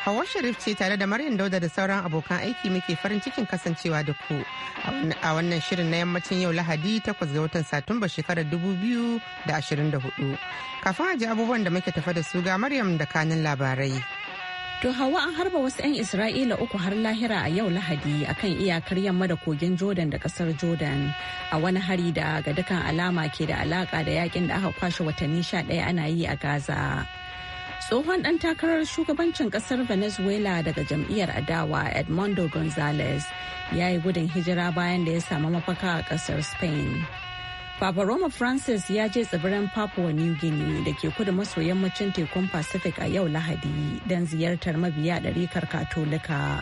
Hawa Sharif ce tare da Maryam Dauda da sauran abokan aiki muke farin cikin kasancewa da ku a wannan shirin na yammacin yau Lahadi 8 ga watan Satumba shekarar 2024. Kafin a ji abubuwan da muke tafa da su ga Maryam da kanin labarai. To hawa an harba wasu 'yan Isra'ila uku har lahira a yau Lahadi akan iyakar yamma da kogin Jordan da kasar Jordan a wani hari da ga dukkan alama ke da alaka da yakin da aka kwashe watanni 11 ana yi a Gaza. tsohon ɗan takarar shugabancin ƙasar venezuela daga jam'iyyar adawa edmundo gonzalez ya yi gudun hijira bayan da ya samu mafaka a ƙasar spain Papa Roma Francis ya je tsibirin Papua New Guinea da ke kudu maso yammacin tekun Pacific a yau Lahadi don ziyartar mabiya ɗarikar Katolika.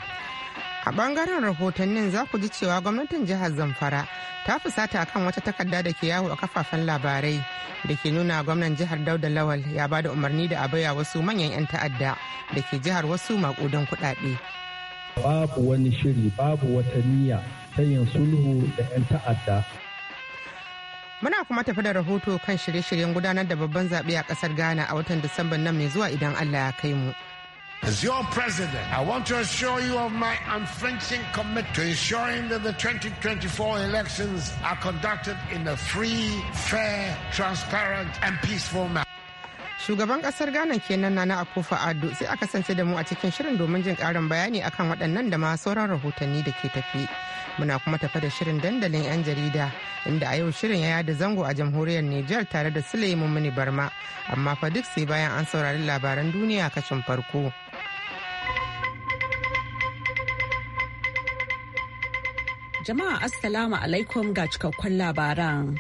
a bangaren rahotannin za ku ji cewa gwamnatin jihar zamfara ta fusata kan wata takarda da ke yawo a kafafen labarai da ke nuna gwamnan jihar dauda lawal ya ba da umarni da abaya wasu manyan 'yan ta'adda da ke jihar wasu makudan kuɗaɗe. babu wani shiri babu wata niyya ta yin sulhu da 'yan ta'adda Muna kuma tafi da rahoto kan shirye-shiryen gudanar da babban zaɓe a ƙasar Ghana a watan Disamban nan mai zuwa idan Allah ya kai mu. As your president, I want to assure you of my unflinching commitment to ensuring that the 2024 elections are conducted in a free, fair, transparent, and peaceful manner. Shugaban kasar Ghana kenan na Nana kofa Addo sai a kasance da mu a cikin shirin domin jin karin bayani akan waɗannan da ma sauran rahotanni da ke tafi. Muna kuma tafa da shirin dandalin 'yan jarida inda a yau shirin ya yada zango a jamhuriyar Nijar tare da Suleiman Mini Barma amma fa duk sai bayan an saurari labaran duniya kashin farko. Jama'a Assalamu alaikum ga cikakkun labaran.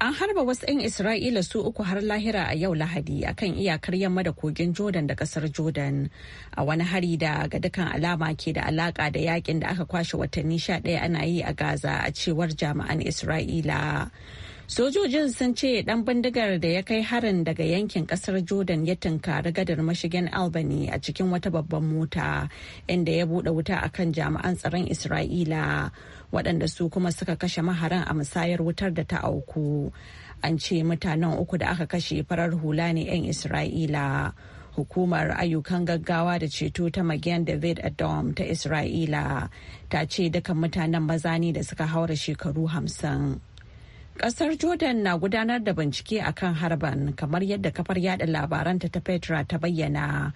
An harba wasu 'yan Isra'ila su uku har lahira a yau Lahadi akan iyakar yamma da kogin Jordan da kasar Jordan a wani hari da ga dukkan alama ke da alaka da yakin da aka kwashe watanni sha ɗaya ana yi a Gaza a cewar jami'an Isra'ila. Sojojin sun ce dan bindigar da ya kai harin daga yankin kasar Jordan ya tunkari gadar mashigin Albany a cikin wata babban mota inda ya bude wuta a kan jami'an tsaron Isra'ila waɗanda su kuma suka kashe maharan a musayar wutar da ta auku. An ce mutanen uku da aka kashe farar hula ne 'yan Isra'ila. hukumar ayyukan gaggawa da ceto ta Magen David Adom ta Isra'ila ta ce dukan mutanen maza ne da suka haura shekaru hamsin. Kasar Jordan na gudanar da bincike a kan harban kamar yadda kafar yada labaranta ta Petra ta bayyana.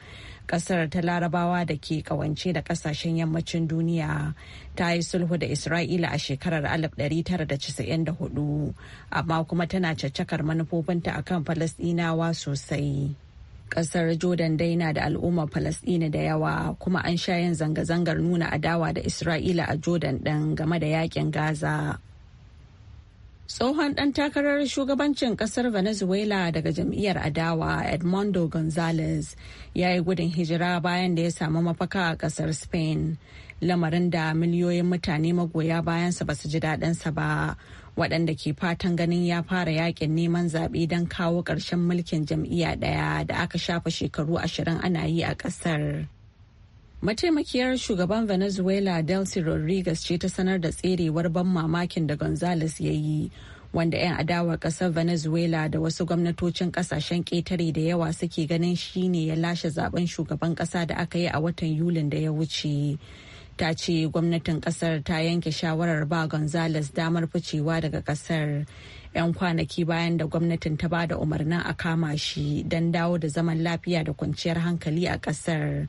Kasar ta larabawa da ke kawance da kasashen yammacin duniya ta yi sulhu da Isra'ila a shekarar 1994 amma kuma tana caccakar manufofinta akan Falasdinawa sosai. kasar jordan dai na da al'ummar falasdina da yawa kuma an sha yin zanga-zangar nuna adawa da isra'ila a jordan ɗin game da yakin gaza tsohon ɗan takarar shugabancin ƙasar venezuela daga jam'iyyar adawa edmondo gonzalez ya yi gudun hijira bayan da ya samu mafaka a ƙasar spain lamarin da miliyoyin mutane magoya bayansa ba su ji daɗinsa ba waɗanda ke fatan ganin ya fara yakin neman zaɓe don kawo ƙarshen mulkin jam'iyya ɗaya da aka shafa shekaru ashirin ana yi a ƙasar. Mataimakiyar shugaban Venezuela Delcy Rodriguez ce ta sanar da tserewar ban mamakin da Gonzales ya yi, wanda 'yan adawar ƙasar Venezuela da wasu gwamnatocin ƙasashen ƙetare da yawa suke ganin shi ne ya lashe zaben shugaban ƙasa da aka yi a watan Yulin da ya wuce. Ta ce gwamnatin ƙasar ta yanke shawarar ba Gonzales damar ficewa daga ƙasar. 'yan kwanaki bayan da gwamnatin ta ba da umarnin a kama shi don dawo da zaman lafiya da kwanciyar hankali a ƙasar.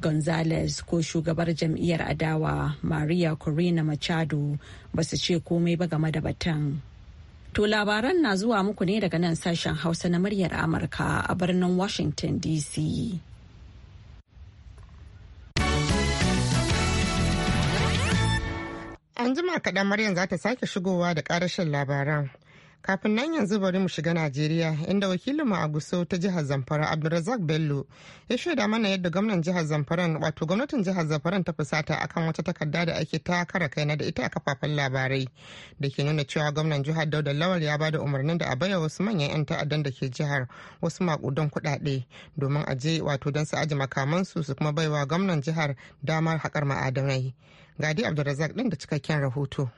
gonzales ko shugabar jam'iyyar adawa maria corina machado ba su ce komai ba game da batun to labaran na zuwa muku ne daga nan sashen hausa na muryar amurka a birnin washington dc an jima kaɗan maryam za ta sake shigowa da ƙarashin labaran kafin nan yanzu bari mu shiga najeriya inda wakilinmu a guso ta jihar zamfara abdulrazak bello ya shaida mana yadda gwamnan jihar zamfaran wato gwamnatin jihar zamfaran ta fusata akan wata takarda da ake ta kara na da ita a kafafen labarai da ke nuna cewa gwamnan jihar dauda lawal ya bada umarnin da a baya wasu manyan yan ta'addan da ke jihar wasu makudan kuɗaɗe domin a je wato don su aji makamansu su kuma baiwa gwamnan jihar damar haƙar ma'adanai gadi abdulrazak ɗin da cikakken rahoto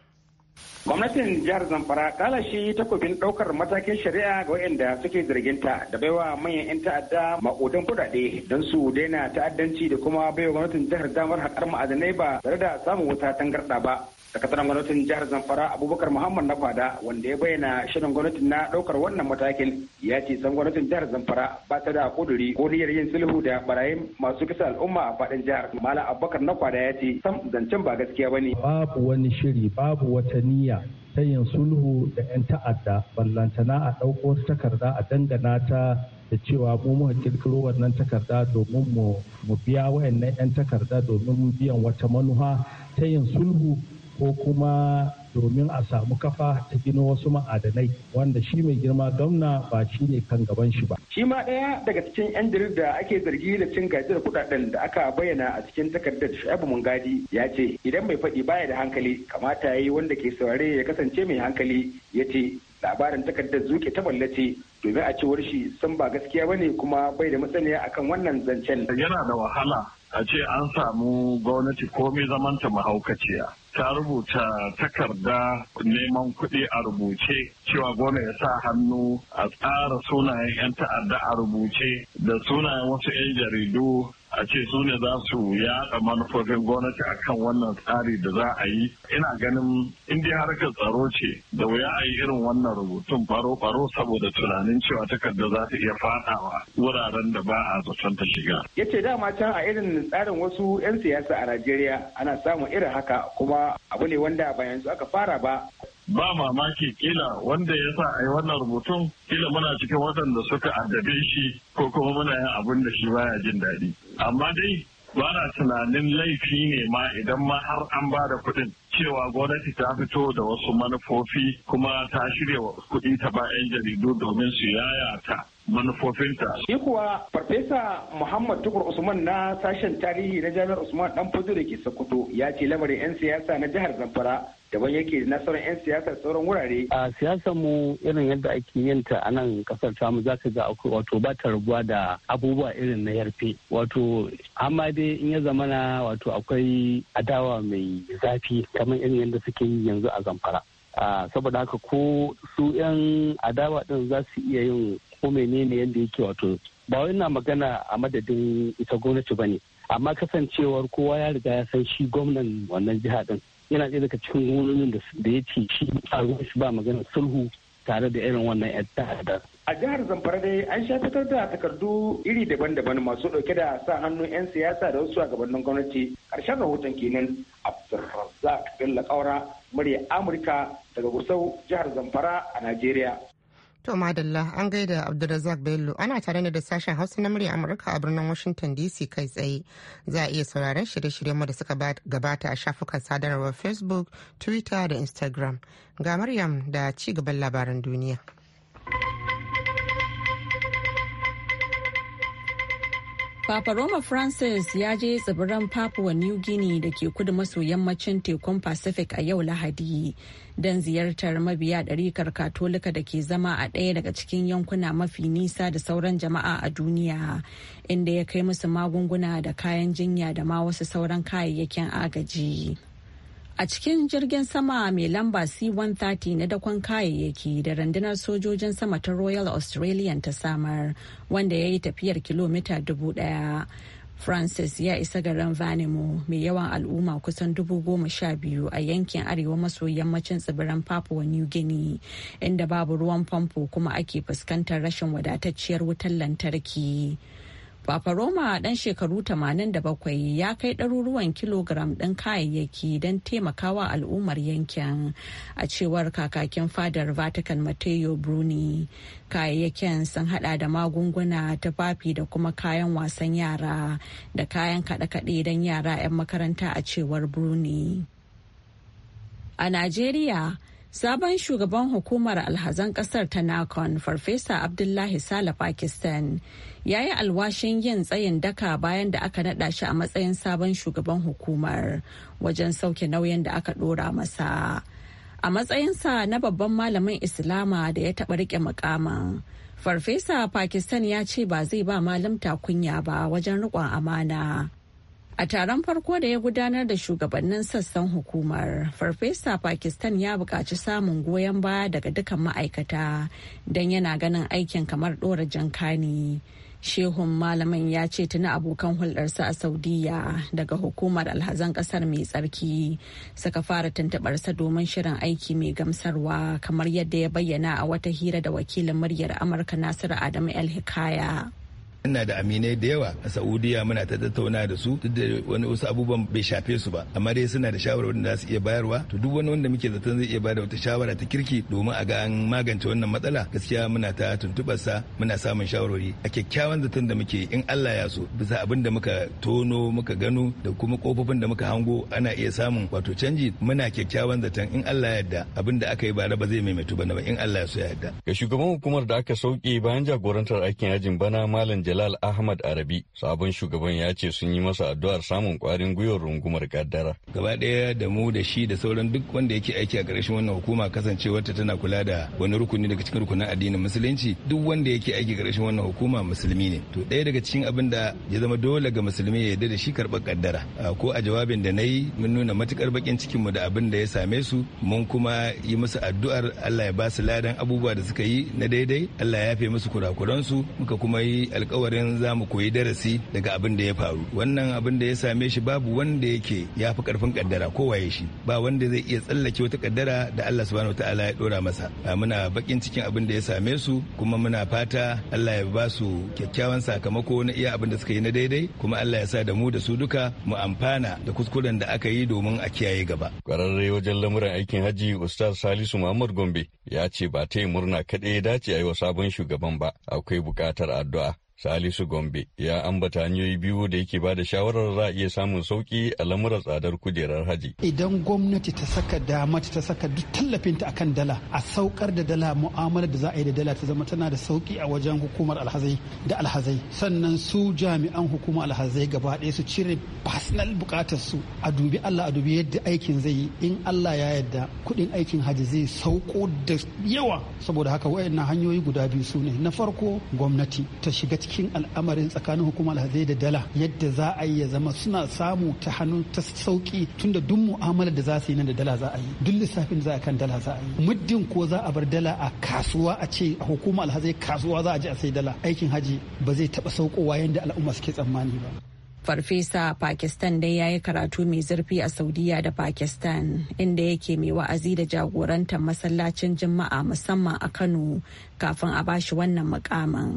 Gwamnatin jihar Zamfara kalashi takobin ɗaukar matakin shari'a ga waɗanda suke zarginta da baiwa manyan 'yan ta'adda maƙudan kuɗaɗe don su daina ta'addanci da kuma baiwa gwamnatin jihar damar haƙar ma'adanai ba tare da samun wuta tangarɗa ba. sakataren gwamnatin jihar zamfara abubakar muhammad na fada wanda ya bayyana shirin gwamnatin na daukar wannan matakin ya ce san gwamnatin jihar zamfara ba ta da kuduri ko niyyar yin sulhu da barayin masu kisa al'umma a fadin jihar malam abubakar na fada ya ce san zancen ba gaskiya ba ne. babu wani shiri babu wata niyya ta yin sulhu da 'yan ta'adda ballantana a ɗauko wata takarda a dangana ta da cewa mu muka kirkiro wannan takarda domin mu biya wayannan 'yan takarda domin biyan wata manuha ta yin sulhu ko kuma domin a samu kafa ta gina wasu ma'adanai wanda shi mai girma gwamna ba shi ne kan gaban shi ba. Shi ma ɗaya daga cikin 'yan jarida ake zargi da cin gajiyar kuɗaɗen da aka bayyana a cikin takardar Shu'aibu Mungadi ya ce idan mai faɗi baya da hankali kamata ya yi wanda ke saurare ya kasance mai hankali ya ce labarin takardar zuke ta mallace domin a cewar shi san ba gaskiya bane kuma bai da masaniya akan wannan zancen. Yana da wahala a ce an samu gwamnati komai zamanta mahaukaciya. ta rubuta takarda neman kuɗi a rubuce cewa gona ya sa hannu a tsara sunayen 'yan ta'adda a rubuce da sunayen wasu 'yan jaridu a ce su ne za su yaɗa manufofin gwamnati akan wannan tsari da za a yi ina ganin indiya harkar tsaro ce da wuya a yi irin wannan rubutun faro-faro saboda tunanin cewa takarda za ta iya faɗawa wuraren da ba a zaton ta shiga. ya ce dama can a irin tsarin wasu 'yan siyasa a najeriya ana samun irin haka kuma abu ne wanda ba yanzu aka fara ba ba mamaki kila wanda ya sa a yi wannan rubutun kila muna cikin waɗanda suka addabe shi ko kuma muna yin abin da shi baya jin daɗi amma dai ba na tunanin laifi ne ma idan ma har an ba da kuɗin cewa gwamnati ta fito da wasu manufofi kuma ta shirya wa kuɗi ta ba 'yan jaridu domin su yaya ta manufofinta. Shi kuwa Farfesa Muhammad Tukur Usman na sashen tarihi na Jami'ar Usman Dan Fudu da ke Sokoto ya ce lamarin 'yan siyasa na jihar Zamfara daban yake nasarar 'yan siyasar sauran wurare. A siyasar mu irin yadda ake yin ta a nan kasar tamu za ka ga akwai wato ba ta rabuwa da abubuwa irin na yarfe. Wato amma dai in ya zamana wato akwai adawa mai zafi kamar irin yadda suke yi yanzu a zamfara. saboda haka ko su 'yan adawa din za su iya yin ko menene yadda yake wato ba wai magana a madadin ita gwamnati ba ne amma kasancewar kowa ya riga ya san shi gwamnan wannan jiha din yana ɗaya daga cikin gwamnonin da ya ce shi a shi ba magana sulhu tare da irin wannan 'yan ta'adda. A jihar Zamfara dai an sha fitar da takardu iri daban-daban masu ɗauke da sa hannun 'yan siyasa da wasu a gabanin gwamnati. Ƙarshen rahoton kenan Abdulrazak Bello ƙaura murya Amurka daga Gusau, jihar Zamfara a Najeriya. To madalla an gaida Abdulrazak Bello ana tare da sashen Hausa na murya Amurka a birnin Washington DC kai tsaye. Za a iya sauraron shirye-shiryen da suka gabata a shafukan sadarwar Facebook, Twitter da Instagram. Ga Maryam da ci gaban labaran duniya. Papa Roma Francis ya je tsibiran Papua New Guinea da ke kudu maso yammacin tekun Pacific a yau Lahadi don ziyartar mabiya ɗarikar Katolika da ke zama a ɗaya daga cikin yankuna mafi nisa da sauran jama'a a duniya inda ya kai musu magunguna da kayan jinya da ma wasu sauran kayayyakin agaji. a cikin jirgin sama mai lamba c-130 na dakon kayayyaki da rundunar sojojin sama ta royal australian ta samar wanda ya yi tafiyar kilomita dubu daya francis ya isa garin vanimo mai yawan al'umma kusan dubu goma sha biyu a yankin arewa maso yammacin tsibiran papua new guinea inda babu ruwan famfo kuma ake fuskantar rashin wadatacciyar wutar lantarki. Roma dan shekaru 87 ya kai ɗaruruwan kilogram ɗin kayayyaki don taimakawa al'ummar yankin a cewar kakakin fadar Vatican Matteo Bruni. Kayayyakin sun hada da magunguna, tafafi da kuma kayan wasan yara da kayan kaɗe-kaɗe don yara 'yan makaranta a cewar Bruni. A Najeriya, Sabon shugaban hukumar alhazan kasar ta Nakon, Farfesa Abdullahi Sala Pakistan, ya yi alwashin yin tsayin daka bayan da aka naɗa shi a matsayin sabon shugaban hukumar wajen sauke nauyin da aka ɗora masa. A matsayinsa na babban malamin Islama da ya taɓa riƙe makaman Farfesa Pakistan ya ce ba zai ba ta kunya ba wajen riƙon amana. A taron farko da ya gudanar da shugabannin sassan hukumar, Farfesa Pakistan ya buƙaci samun goyon baya daga dukkan ma'aikata don yana ganin aikin kamar ɗora kani. Shehun malamin ya ce tuna abokan hulɗarsa a Saudiya daga hukumar alhazan ƙasar mai tsarki suka fara tuntuɓarsa domin shirin aiki mai gamsarwa kamar yadda ya bayyana a wata hira da wakilin muryar Amurka Nasiru Adamu El Hikaya. ina da aminai da yawa a saudiya muna ta tattauna da su duk da wani wasu abubuwan bai shafe su ba amma dai suna da shawarwari da za su iya bayarwa to duk wani wanda muke zaton zai iya ba da wata shawara ta kirki domin a ga an magance wannan matsala gaskiya muna ta tuntuɓar sa muna samun shawarwari a kyakkyawan zaton da muke in Allah ya so bisa abin da muka tono muka gano da kuma kofofin da muka hango ana iya samun wato canji muna kyakkyawan zaton in Allah ya yarda abin da aka yi bara ba zai maimaitu ba in Allah ya so ya yarda ga shugaban hukumar da aka sauke bayan jagorantar aikin yajin bana malam Jalal Ahmad Arabi sabon shugaban ya ce sun yi masa addu'ar samun kwarin gwiwar rungumar kaddara. Gaba ɗaya da mu da shi da sauran duk wanda yake aiki a ƙarshen wannan hukuma kasancewar ta tana kula da wani rukuni daga cikin rukunin addinin musulunci duk wanda yake aiki a ƙarshen wannan hukuma musulmi ne. To ɗaya daga cikin abin da ya zama dole ga musulmi ya yarda da shi karɓar kaddara. Ko a jawabin da na yi mun nuna matuƙar baƙin cikinmu da abin da ya same su mun kuma yi musu addu'ar Allah ya ba su ladan abubuwa da suka yi na daidai Allah ya yafe musu kurakuransu muka kuma yi alƙawari alkawarin za mu koyi darasi daga abin da ya faru wannan abin da ya same shi babu wanda yake ya fi karfin kaddara waye shi ba wanda zai iya tsallake wata kaddara da Allah subhanahu wataala ya dora masa muna bakin cikin abin da ya same su kuma muna fata Allah ya ba su kyakkyawan sakamako na iya abin da suka yi na daidai kuma Allah ya sa da mu da su duka mu amfana da kuskuren da aka yi domin a kiyaye gaba kwararre wajen lamuran aikin haji ustaz salisu muhammad gombe ya ce ba ta yi murna kaɗai ya dace a yi wa sabon shugaban ba akwai buƙatar addu'a Salisu Gombe ya ambata hanyoyi biyu da yake bada shawarar za a iya samun sauki a lamurar tsadar kujerar haji. Idan gwamnati ta saka dama ta saka duk tallafinta akan dala a saukar da dala mu'amalar da za a yi da dala ta zama tana da sauki a wajen hukumar alhazai da alhazai sannan su jami'an hukumar alhazai gaba ɗaya su cire personal bukatar su a dubi Allah a dubi yadda aikin zai yi in Allah ya yarda kuɗin aikin haji zai sauko da yawa saboda haka wayannan hanyoyi guda biyu su ne na farko gwamnati ta shiga ciki. cikin al'amarin tsakanin hukumar hazai da dala yadda za a yi ya zama suna samu ta hannu ta sauki tunda duk mu'amalar da za su yi nan da dala za a yi duk lissafin za a kan dala za a yi muddin ko za a bar dala a kasuwa a ce a hukumar alhazai kasuwa za a je a sai dala aikin haji ba zai taba saukowa yadda al'umma suke tsammani ba. Farfesa Pakistan dai ya yi karatu mai zurfi a Saudiya da Pakistan inda yake mai wa'azi da jagorantar masallacin Juma'a musamman a Kano kafin a bashi wannan mukamin.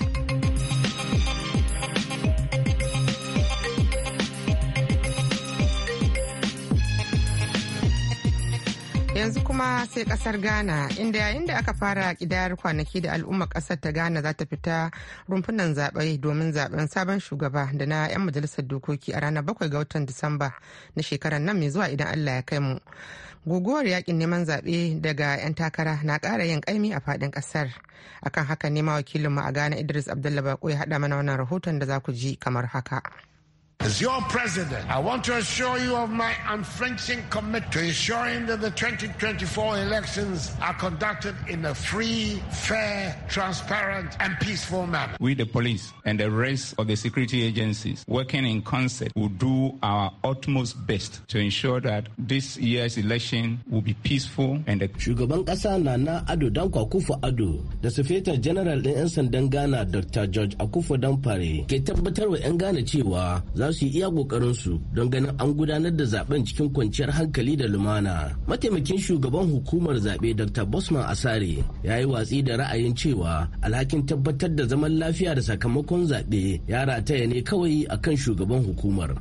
yanzu kuma sai kasar ghana inda yayin da aka fara kidayar kwanaki da al'ummar kasar ta ghana za ta fita rumfunan zaɓe domin zaɓen sabon shugaba da na 'yan majalisar dokoki a ranar 7 ga watan disamba na shekarar nan mai zuwa idan allah ya kai mu guguwar yakin neman zaɓe daga 'yan takara na ƙara yin ƙaimi a faɗin ƙasar akan haka nema wakilinmu a ghana idris abdullahi bako ya haɗa mana wannan rahoton da za ku ji kamar haka. As your president, I want to assure you of my unflinching commitment to ensuring that the 2024 elections are conducted in a free, fair, transparent, and peaceful manner. We, the police, and the rest of the security agencies working in concert, will do our utmost best to ensure that this year's election will be peaceful and. Shugaban ƙasa Nana Ado Ado General ɗin 'yan sandan Ghana Dr. George Akufo Danfare ke tabbatarwa 'yan Ghana su yi iya kokarin su don ganin an gudanar da zaben cikin kwanciyar hankali da lumana mataimakin shugaban hukumar zaɓe dr bosman asare ya yi watsi da ra'ayin cewa alhakin tabbatar da zaman lafiya da sakamakon zaɓe ya rataya ne kawai akan shugaban hukumar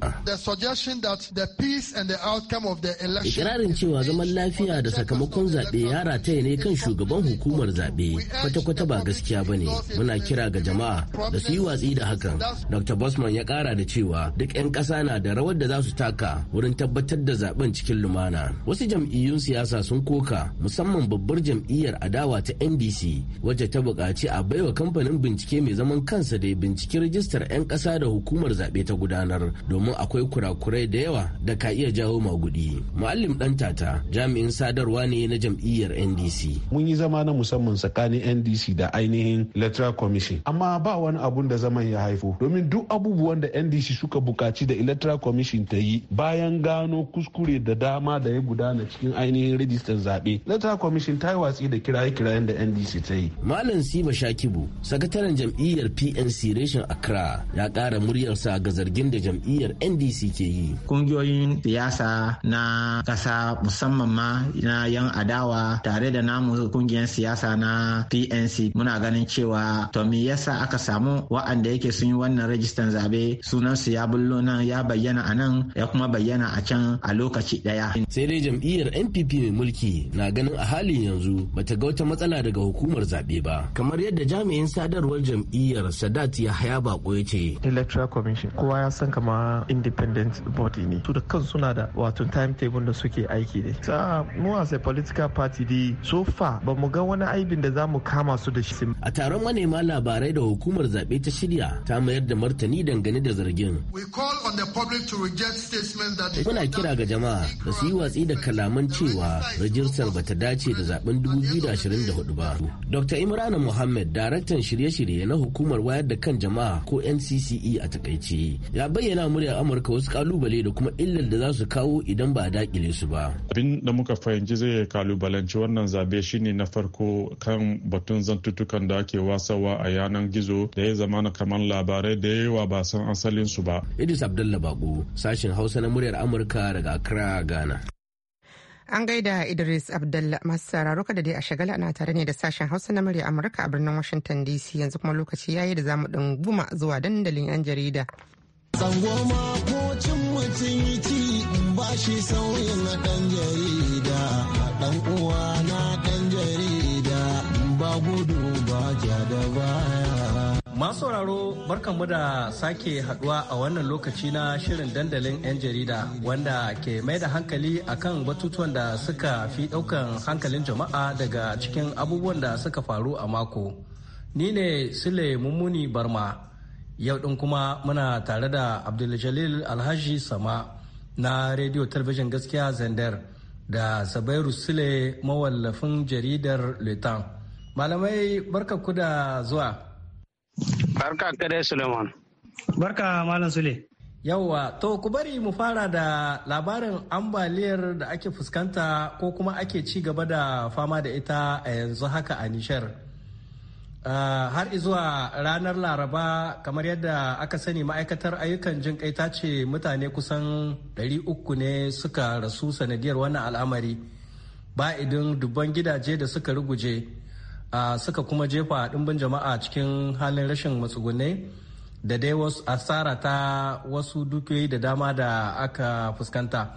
ikirarin cewa zaman lafiya da sakamakon zaɓe ya rataya ne kan shugaban hukumar zaɓe kwata-kwata ba gaskiya ba ne muna kira ga jama'a da su yi watsi da hakan dr bosman ya ƙara da cewa duk 'yan ƙasa na da rawar da za su taka wurin tabbatar da zaben cikin lumana wasu jam'iyyun siyasa sun koka musamman babbar jam'iyyar adawa ta ndc wacce ta buƙaci a baiwa kamfanin bincike mai zaman kansa da binciki rijistar 'yan ƙasa da hukumar zaɓe ta gudanar domin akwai kurakurai da yawa da ka iya jawo magudi muallim ɗan tata jami'in sadarwa ne na jam'iyyar ndc mun yi zama na musamman tsakanin ndc da ainihin electoral commission amma ba wani abun da zaman ya haifo domin duk abubuwan da ndc suka bukaci da electoral commission ta yi bayan gano kuskure da dama da ya gudana cikin ainihin rijistar zaɓe electoral commission ta yi watsi da kiraye-kirayen da ndc ta yi malam siba shakibu sakataren jam'iyyar pnc reshen accra ya ƙara muryarsa ga zargin da jam'iyyar ndc ke yi ƙungiyoyin siyasa na ƙasa musamman ma na yan adawa tare da namu kungiyar siyasa na pnc muna ganin cewa to me yasa aka samu wa'anda yake sun yi wannan rajistan zaɓe sunan su ya bullo nan ya bayyana a nan ya kuma bayyana a can a lokaci ɗaya. sai dai jam'iyyar npp mai mulki na ganin a halin yanzu bata ga wata matsala daga hukumar zaɓe ba kamar yadda jami'in sadarwar jam'iyyar sadat ya haya bako ya ce electoral commission kowa ya san kama independent body ne su da kan suna da wato timetable da suke aiki ne sa mu a political party di so far ba mu ga wani aibin da za mu kama su da shi a taron manema labarai da hukumar zaɓe ta shirya ta mayar da martani dangane da zargin Muna kira ga jama'a da su yi watsi da kalaman cewa rajistar ba ta dace da zaben 2024 ba. Dr. Imrana Mohammed, daraktan shirye-shirye na hukumar wayar da kan jama'a ko NCCE a takaice, ya bayyana muryar Amurka wasu kalubale da kuma illar da za su kawo idan ba a dakile su ba. Abin da muka fahimci zai yi kalubalanci wannan zabe shine na farko kan batun zantutukan da ake wasawa a yanar gizo da ya zamana kamar labarai da yawa ba san asalin su ba. Idris Abdullah Bago, sashin Hausa na muryar Amurka daga Accra, Ghana. An gaida Idris Abdullah masu sauraro da dai a shagala ana tare ne da sashen Hausa na murya Amurka a birnin Washington DC yanzu kuma lokaci ya yi da zamu dan guma zuwa dandalin yan jarida. Sango makocin mutum yi ba shi sauyin na ɗan jarida, ɗan uwa na ɗan jarida, ba gudu ba jada da Masu sauraro barkanmu da sake haduwa a wannan lokaci na shirin dandalin 'yan jarida wanda ke mai da hankali akan batutuwan da suka fi daukan hankalin jama'a daga cikin abubuwan da suka faru a mako. Ni ne Sule Mummuni Barma, yau ɗin kuma muna tare da Abduljalil Alhaji Sama na rediyo Talabijin Gaskiya Zander da Zabairu Sule mawallafin jaridar letan Malamai barka ku da zuwa. Barka dai Suleiman. Barka Malam Sule. Yawwa, to ku bari mu fara da labarin ambaliyar da ake fuskanta ko kuma ake ci gaba da fama da ita a yanzu haka a Nishar. Uh, ah, har izuwa ranar Laraba kamar yadda aka sani ma'aikatar ayyukan jin kai ta ce mutane kusan 300 ne suka rasu sanadiyar wannan al'amari ba idin dubban gidaje da suka ruguje. suka kuma jefa ɗimbin jama'a cikin halin rashin matsugunne da dai wasu asara ta wasu dukiyoyi da dama da aka fuskanta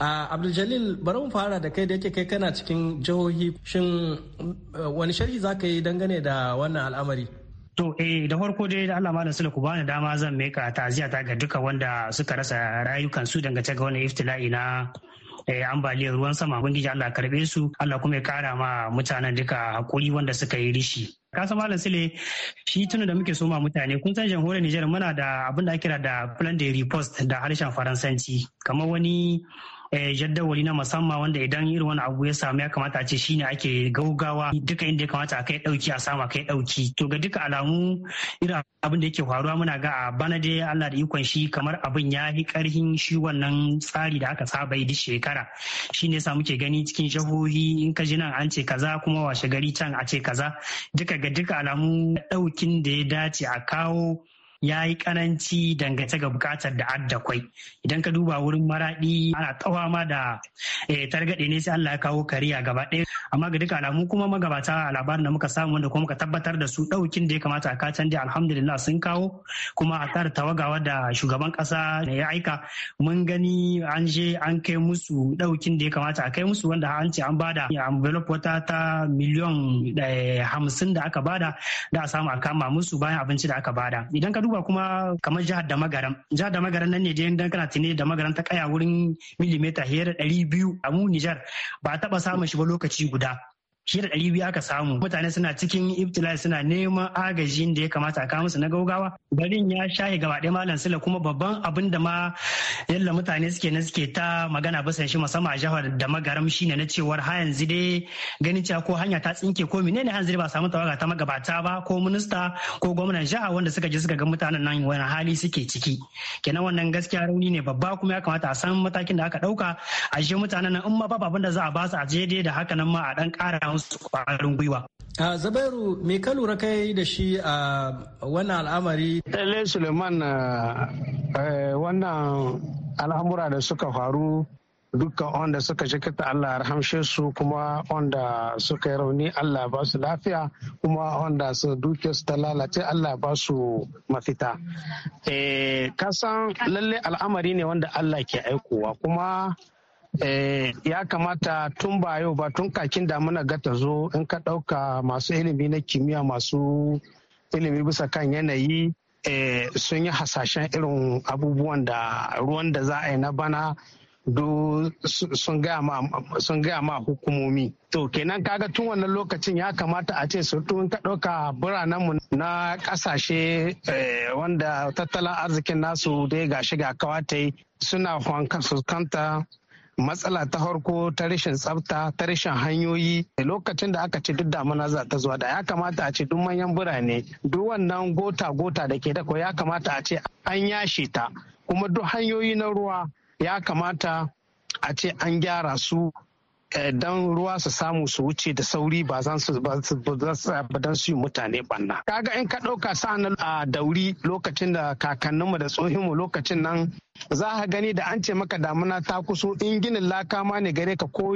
abdul bari mu fara da kai da yake kai kana cikin jihohi shin eh, wani sharhi za ka yi dangane da wannan al'amari To eh da farko dai da Allah malam sula ku bani dama zan meka ta'aziyya ta ga duka wanda suka rasa rayukan su dangance ga wannan iftila'i na Eh, ambaliyar ruwan sama ubangiji Allah karbe su Allah kuma ya kara ma mutanen duka hakuri wanda suka yi rishi kasa malam sile shi tunu da muke soma mutane kun san jamhuriyar Nijar muna da abin da kira da plan de riposte da harshen faransanci kamar wani Eh, jadawali na musamman wanda idan irin wani abu ya samu ya kamata a ce shine ake gaugawa duka inda ya kamata a kai dauki a sama kai dauki to ga duka alamu irin abin da yake faruwa muna ga a bana da Allah da ikon shi kamar abin ya yi karhin shi wannan tsari da aka saba yi duk shekara shi ne sa muke gani cikin shahohi in ka ji nan an ce kaza kuma washe gari can a ce kaza duka ga duka alamu daukin da ya dace a kawo ya yi kananci dangace ga bukatar da adda kwai idan ka duba wurin maraɗi ana tsawa ma da eh, targaɗe ne sai Allah ya kawo kariya gaba ɗaya amma ga duka alamu kuma magabata a labarin da muka samu wanda kuma muka tabbatar da su ɗaukin da ya kamata a katan da alhamdulillah sun kawo kuma a tsara tawagawa da shugaban ƙasa da ya aika mun gani an je an kai musu ɗaukin da ya kamata a kai musu wanda an ce an bada envelope wata ta miliyan eh, hamsin da aka bada da a samu a kama musu bayan abinci da aka bada idan ka duba kuma kamar jihar da magaram jihar da magaram nan ne je dan kana tine da magaram ta kaya wurin milimeta hiyar ɗari biyu a mu Nijar ba a taɓa samun shi ba lokaci guda shi da ɗari biyu aka samu mutane suna cikin ibtila suna neman agajin da ya kamata a kawo musu na gaugawa Barin ya shahi gaba ɗaya malam sila kuma babban abin da ma yalla mutane suke na suke ta magana bisan shi musamman a jihar da magaram ne na cewar ha yanzu dai ganin cewa ko hanya ta tsinke ko menene hanzu ba samu tawaga ta magabata ba ko minista ko gwamnan jiha wanda suka je suka ga mutanen nan wani hali suke ciki kenan wannan gaskiya rauni ne babba kuma ya kamata a san matakin da aka ɗauka a shi mutanen nan in ma babu abin da za a ba su a je dai da haka nan ma a ɗan ƙara musu kwarin gwiwa. A Zabairu me ka lura kai da shi a wannan al'amari? Lalle Suleiman eh, eh, wannan al'amura da suka faru duka wanda suka shikata Allah rahamshe su kuma wanda suka yi rauni Allah ba su lafiya kuma wanda su duke su ta lalace Allah ba su mafita. Eh, Kasan lalle al'amari ne wanda Allah ke aikowa kuma Eh, ya kamata tun ba yau ba tun kakin da muna ga ta zo in ka ɗauka masu ilimi na kimiyya masu ilimi bisa kan yanayi eh, sun yi hasashen irin abubuwan da ruwan da za a yi na bana sun gaya ma hukumomi. To kenan kaga tun wannan lokacin ya kamata a ce tun ka ɗauka biranenmu na ƙasashe eh, wanda tattalin arzikin nasu dai ga kawatai suna kanta. matsala ta harko ta rashin tsafta ta rashin hanyoyi lokacin da aka ce duk damuna za ta zuwa da ya kamata a ce duk manyan birane duk wannan gota gota da ke dako ya kamata a ce an yashe ta kuma duk hanyoyi na ruwa ya kamata a ce an gyara su eh, don ruwa su samu su wuce da sauri ba za su ba su yi mutane banna. Kaga in ka ɗauka sa'an a dauri lokacin da kakanninmu da tsohinmu lokacin nan za a gani da an ce maka damuna ta kuso in ginin laka ma ne gare ka ko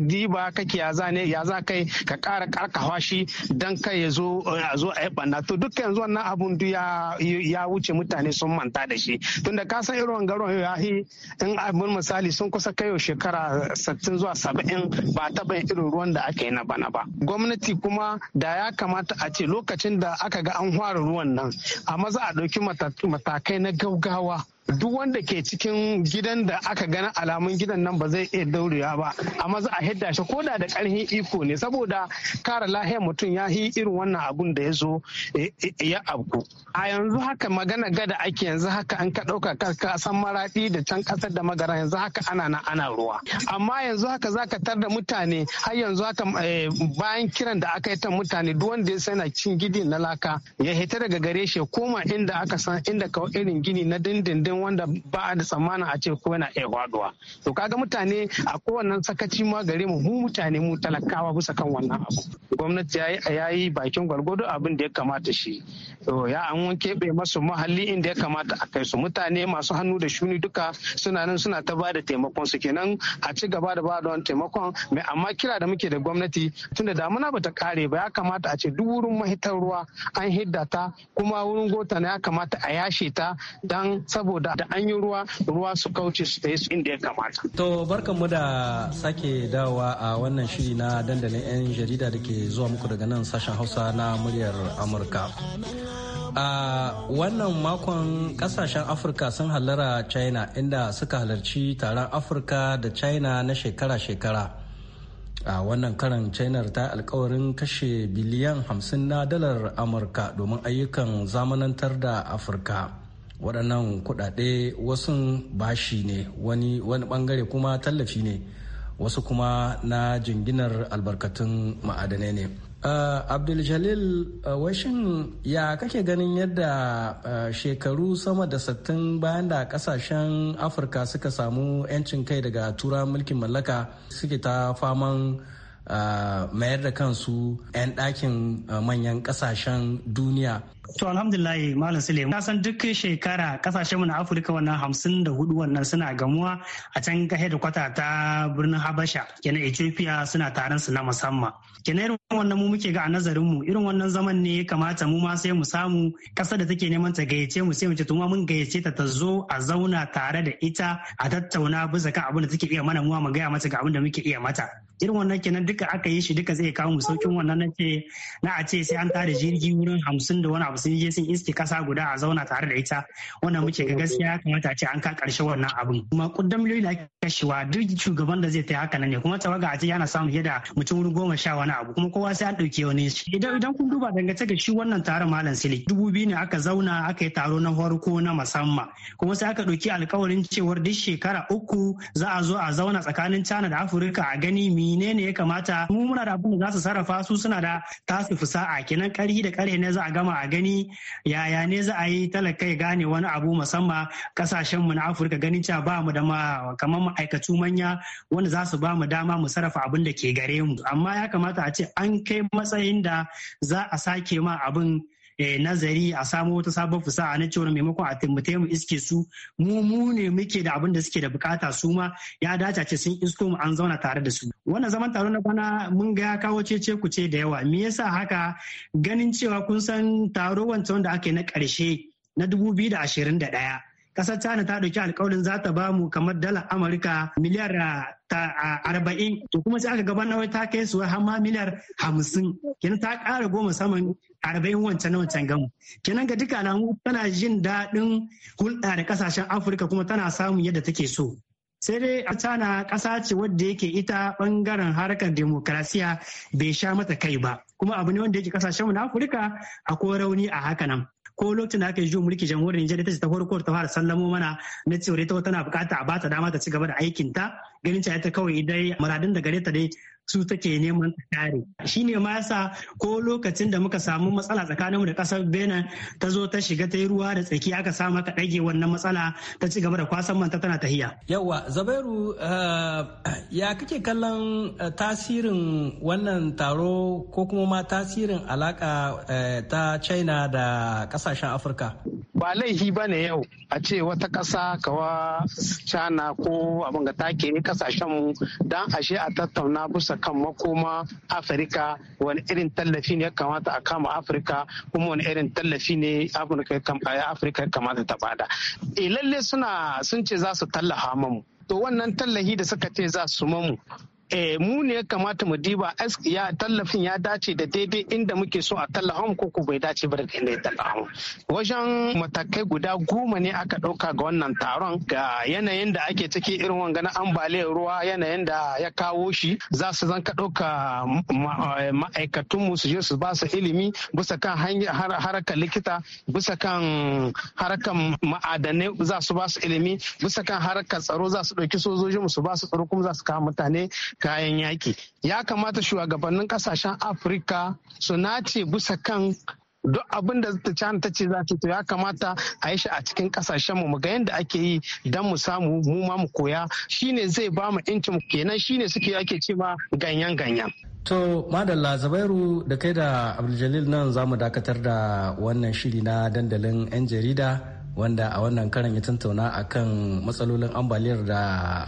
diba kake ya za ne ya za kai ka kara karkawa shi dan kai ya zo a zo a yi banna to dukkan yanzu wannan abun du ya wuce mutane sun manta da shi tunda ka san irin garon ya yi in abin misali sun kusa kai shekara 60 zuwa 70 ba ta ban irin ruwan da aka yi na bana ba gwamnati kuma da ya kamata a ce lokacin da aka ga an hwara ruwan nan a maza a ɗauki matakai na gaugawa duk wanda ke cikin gidan da aka gana alamun gidan nan ba zai iya daurewa ba a maza a hidda shi ko da karhin iko ne saboda kare lahiyar mutum ya yi irin wannan abun da ya zo eh, eh, ya abu a yanzu haka magana gada ake yanzu haka an ka karka san maraɗi da can kasar da magara yanzu haka ana nan ana ruwa amma yanzu haka za ka tar da mutane har yanzu haka eh, bayan kiran da aka yi ta mutane duk wanda ya sana cin gidi na laka ya hita daga gare shi koma inda aka san inda kawai irin gini na dindindin wanda ba da tsammanin a ce ko yana iya faduwa to kaga mutane a kowannen sakaci ma gare mu mu mutane mu talakawa bisa kan wannan abu gwamnati ya yayi bakin gwargwado abin da ya kamata shi to ya an wanke keɓe masu muhalli inda ya kamata a kai su mutane masu hannu da shuni duka suna nan suna ta bada taimakon su kenan a ci gaba da bada wani taimakon mai amma kira da muke da gwamnati tunda damuna bata kare ba ya kamata a ce duk wurin mahitar ruwa an hidda ta kuma wurin gota na ya kamata a yashe ta dan saboda saboda da an yi ruwa ruwa su kauce su tafi inda ya kamata. To barkan mu da sake dawowa a wannan shiri na dandalin 'yan jarida da ke zuwa muku daga nan sashen Hausa na muryar Amurka. a wannan makon kasashen afirka sun halara china inda suka halarci taron afirka da china na shekara-shekara a wannan karan china ta yi alkawarin kashe biliyan 50 na dalar amurka domin ayyukan zamanantar da afirka waɗannan kuɗaɗe wasu bashi ne wani wani ɓangare kuma tallafi ne wasu kuma na jinginar albarkatun ma'adanai ne Uh, Abdul Jalil uh, ah, washin ya kake ganin yadda uh, shekaru sama da sattin bayan da kasashen Afirka suka samu 'yancin kai daga tura mulkin mallaka suke ta faman mayar da kansu 'yan ɗakin manyan ƙasashen duniya To alhamdulillah Malam Sule Na san duk shekara kasashen mu na Afirka wannan hamsin da hudu wannan suna gamuwa a can ka kwata ta birnin Habasha kenan Ethiopia suna taron su na musamman. Kenan irin wannan mu muke ga a nazarin mu irin wannan zaman ne ya kamata mu ma sai mu samu kasar da take neman ta gayyace mu sai mu ce to mun gayyace ta ta zo a zauna tare da ita a tattauna bisa kan abin da take iya mana mu mu gaya mata ga abin da muke iya mata. irin wannan kenan duka aka yi shi duka zai kawo mu saukin wannan na ce na a ce sai an tare jirgi wurin hamsin da wani abu sun je sun iske kasa guda a zauna tare da ita wannan muke ga gaskiya ya kamata a ce an ka karshe wannan abun kuma kudan miliyoyi da kashewa duk shugaban da zai ta haka nan ne kuma tawaga a ce yana samun fiye da mutum wurin goma sha wani abu kuma kowa sai an ɗauke wani shi idan idan kun duba dangance ga shi wannan taron malam sili dubu biyu ne aka zauna aka yi taro na farko na musamman kuma sai aka ɗauki alkawarin cewar duk shekara uku za a zo a zauna tsakanin China da Afirka a gani mi menene ya kamata mu muna da abin da za su sarrafa su suna da tasu fusa'a kenan karhi da kare ne za a gama a gani yaya ne za a yi talaka ya gane wani abu musamman kasashen mu na Afirka ganin cewa ba mu da ma kamar ma'aikatu manya wanda za su ba mu dama mu sarrafa abin da ke gare mu amma ya kamata a ce an kai matsayin da za a sake ma abin Eh, nazari a samo wata sabon fasaha na cewa maimakon a taimake mu iske su mu mu ne muke da abin da suke da bukata su ma ya dace ce sun isko mu an zauna tare da su wannan zaman taron na bana mun ga ya kawo cece ku ce da yawa me yasa haka ganin cewa kun san taro wancan wanda ake na karshe na da da 2021 kasar china ta ɗauki alkawarin za ta bamu kamar dala amurka miliyar arba'in to kuma sai aka gabanar ta kai su har ma miliyar hamsin kenan ta ƙara goma saman arba'in wancan wancan gamu kenan ga duka alamu tana jin daɗin hulɗa da ƙasashen afirka kuma tana samun yadda take so sai dai a tana ƙasa ce wadda yake ita ɓangaren harkar demokrasiya bai sha mata kai ba kuma abu ne wanda yake ƙasashen na afirka ko rauni a haka nan ko lokacin da aka yi juyin mulki jamhuriyar Nijar ita ce ta farko ta fara sallamo mana na cewa ita tana bukata a bata dama ta ci gaba da aikinta. ganin cewa ita kawai dai muradin da gare ta dai su take neman ta kare shi ne ma ko lokacin da muka samu matsala tsakaninmu da kasar benin ta zo ta shiga ta yi ruwa da tsaki aka samu aka ɗage wannan matsala ta ci gaba da kwasan manta tana tahiya yawa zabairu eh, ya kake kallon eh, tasirin wannan taro ko kuma ma tasirin alaka eh, ta china da kasashen afirka ba laifi ba ne yau a ce wata ƙasa kawa china ko abin ga take kasashen don ashe a tattauna bisa Kan makoma afirka wani irin tallafi ne ya kamata a kama afirka kuma wani irin tallafi ne afirka ya kamata ta bada e lalle suna sun ce za su tallafa mamu to wannan tallafi da suka ce za su mamu eh mu ne ya kamata mu diba ya tallafin ya dace da daidai inda muke so a tallafa mu ko bai dace ba da inda ya tallafa mu wajen matakai guda goma ne aka ɗauka ga wannan taron ga yanayin da ake ciki irin wanga na ambaliyar ruwa yanayin da ya kawo shi za su ka ɗauka eh, ma'aikatun su je su ba su ilimi bisa kan harkar likita bisa kan harkar ma'adanai za su ba su ilimi bisa kan harkar tsaro za su ɗauki sojojin su ba su tsaro kuma za su kawo mutane kayan yaki ya kamata shugabannin kasashen afirka su nace bisa kan duk abin da ta cana ta ce za ta to ya kamata a yi shi a cikin kasashen mu ga yadda ake yi don mu samu mu ma mu koya shine zai ba mu incin kenan shine suke ake ce ma ganyen ganyen To Madalla Zabairu da kai da Abdul nan za mu dakatar da wannan shiri na dandalin 'yan jarida wanda a wannan karin ya tattauna a kan matsalolin ambaliyar da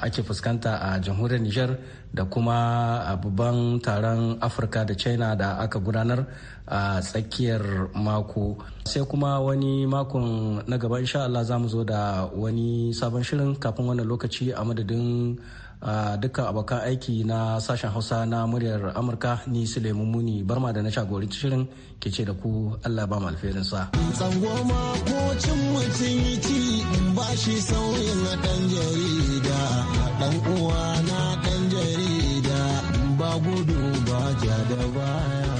ake fuskanta a jamhuriyar Nijar da kuma a babban taron Afirka da China da aka gudanar a tsakiyar mako. Sai kuma wani makon na gaba insha Allah za mu zo da wani sabon shirin kafin wannan lokaci a madadin dukkan abokan aiki na sashen hausa na muryar amurka ni suleiman muni barma da na shagoranci shirin ke ce da ku allah ba alferin sa tsangoma ko cin mutum yi ci in ba shi sauyin na dan jarida dan uwa na dan jarida ba gudu ba ja da baya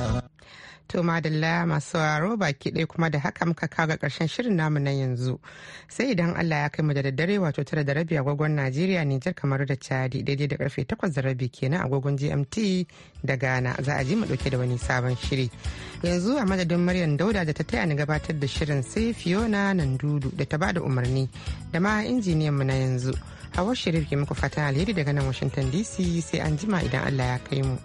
To madalla masu waro baki ɗaya kuma da haka muka kawo ga ƙarshen shirin namu na yanzu. Sai idan Allah ya kai mu da daddare wato tara da rabi agogon Najeriya Nijar kamar da Chadi daidai da karfe takwas da rabi kenan agogon GMT da Ghana za a ji mu ɗauke da wani sabon shiri. Yanzu a madadin Maryam Dauda da ta taya ni gabatar da shirin sai Fiona Nandudu da ta bada umarni da ma injiniyan mu na yanzu. hawan shirin ke muku fatan alheri daga nan Washington DC sai an jima idan Allah ya kai mu.